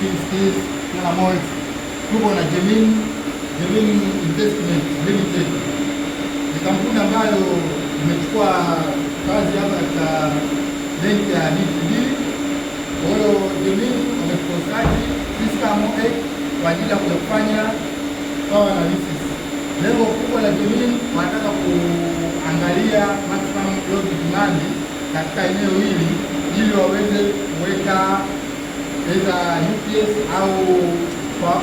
skills kila moja. Tuko na Gemini Gemini Investment Limited, ni kampuni ambayo imechukua kazi hapa katika benki ya DTB. Kwa hiyo Gemini wametukontakti sisi kama MOEC kwa ajili ya kufanya power analysis. Lengo kubwa la Gemini wanataka kuangalia maximum load demand katika eneo hili ili waweze kuweka aidha UPS au kwa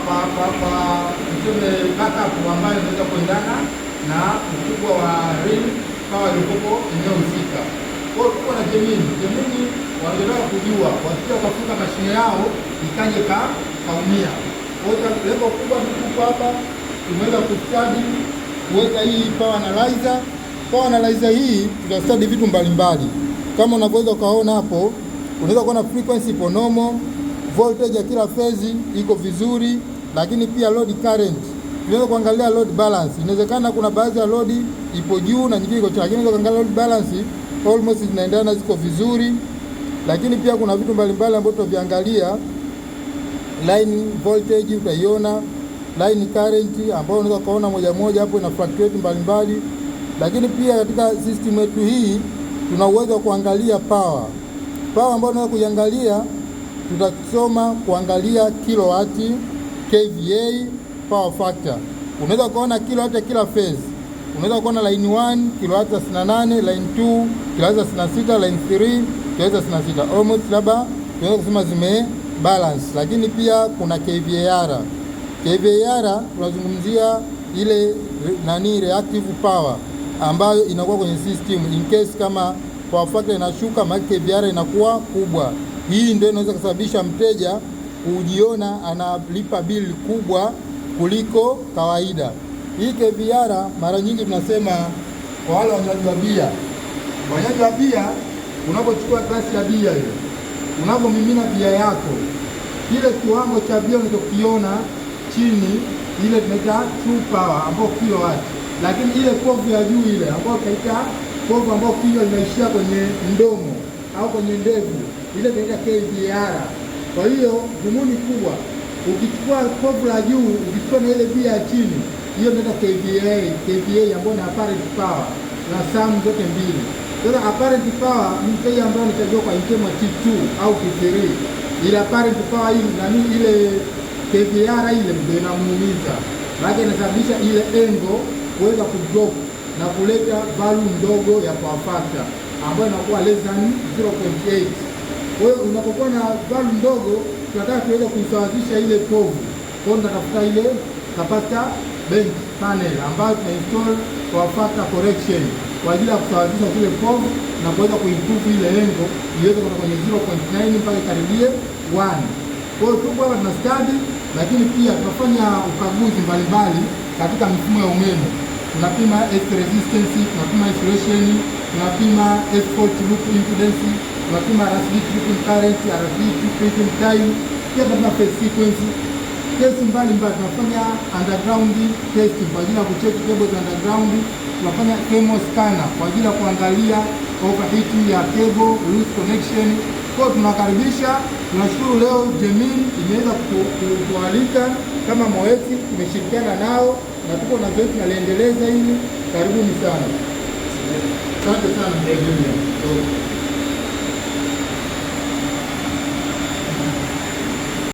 tuseme backup ambayo inaweza kuendana na ukubwa wa rim kawa ilikopo eneo husika. Kwa hiyo tuko na Gemini. Gemini wangetaka kujua wakija wakafunga mashine yao ikaje ka kaumia. Kwa hiyo lengo kubwa tuko hapa tumeweza kustudy kuweka hii power analyzer. Power analyzer hii tutastadi vitu mbalimbali mbali. Kama unavyoweza ukaona hapo, unaweza kuona frequency ipo normal voltage ya kila phase iko vizuri, lakini pia load current. Tunaweza kuangalia load balance, inawezekana kuna baadhi ya load ipo juu na nyingine iko chini, lakini unaweza kuangalia load balance almost zinaendana, ziko vizuri, lakini pia kuna vitu mbalimbali ambavyo tutaviangalia. Line voltage utaiona, line current ambayo unaweza kuona moja moja hapo ina fluctuate mbalimbali, lakini pia katika system yetu hii tuna uwezo wa kuangalia power. Power ambayo unaweza kuiangalia tutasoma kuangalia kilowati, kVA, power factor. Unaweza kuona kilowati ya kila phase. Unaweza kuona line 1 kilowati 68, line 2 kilowati 66, line 3 kilowati 66. Almost labda tunaweza kusema zime balance, lakini pia kuna kVAR. kVAR tunazungumzia ile nani reactive power ambayo inakuwa kwenye system in case kama power factor inashuka, maana kVAR inakuwa kubwa. Hii ndio inaweza kusababisha mteja kujiona analipa bili kubwa kuliko kawaida. Hii KVR mara nyingi tunasema kwa wale wanywaji wa bia, wanywaji wa bia, unapochukua glasi ya bia hiyo, unapomimina bia yako, kile kiwango cha bia unachokiona chini, ile tunaita true power, ambayo kilo wati, lakini ile kovu ya juu ile ambayo tunaita kovu ambayo kilo linaishia kwenye mdomo au kwenye ndevu ile inaitwa KVR. Kwa hiyo dhumuni kubwa, ukichukua kovu la juu ukichukua na ile bia ya chini, hiyo inaitwa KVA, KVA ambayo ni apparent power na sum zote mbili. Sasa apparent power ni ile ambayo nitajua kwa ikiwemo T2 au T3, ile apparent power hii nani, ile KVR ile ndio inamuumiza, maana inasababisha ile engo kuweza kudrop na kuleta value ndogo ya power factor ambayo inakuwa less than 0.8. Kwa hiyo unapokuwa na value ndogo, tunataka tuweze kuisawazisha ile povu. Kwa hiyo tunatafuta ile kapasita bank panel ambayo install kwa factor correction kwa ajili ya kusawazisha zile povu na kuweza kuimprove ile lengo iweze kutoka kwenye 0.9 mpaka karibie 1. Kwa hiyo tupo hapa tuna study, lakini pia tunafanya ukaguzi mbalimbali katika mifumo ya umeme. Tunapima resistance, tunapima insulation, tunapima fault loop impedance tunapima RFD treatment current, RFD treatment time, pia tunapima phase sequence, test mbalimbali. Tunafanya underground test kwa ajili ya kucheki cables underground, tunafanya thermal scanner kwa ajili ya kuangalia overheat ya cable, loose connection. Kwa tunakaribisha, tunashukuru leo Gemini imeweza kutualika kama MOETS, imeshirikiana nao na tuko na zoezi naliendeleza hili. Karibuni sana, asante sana.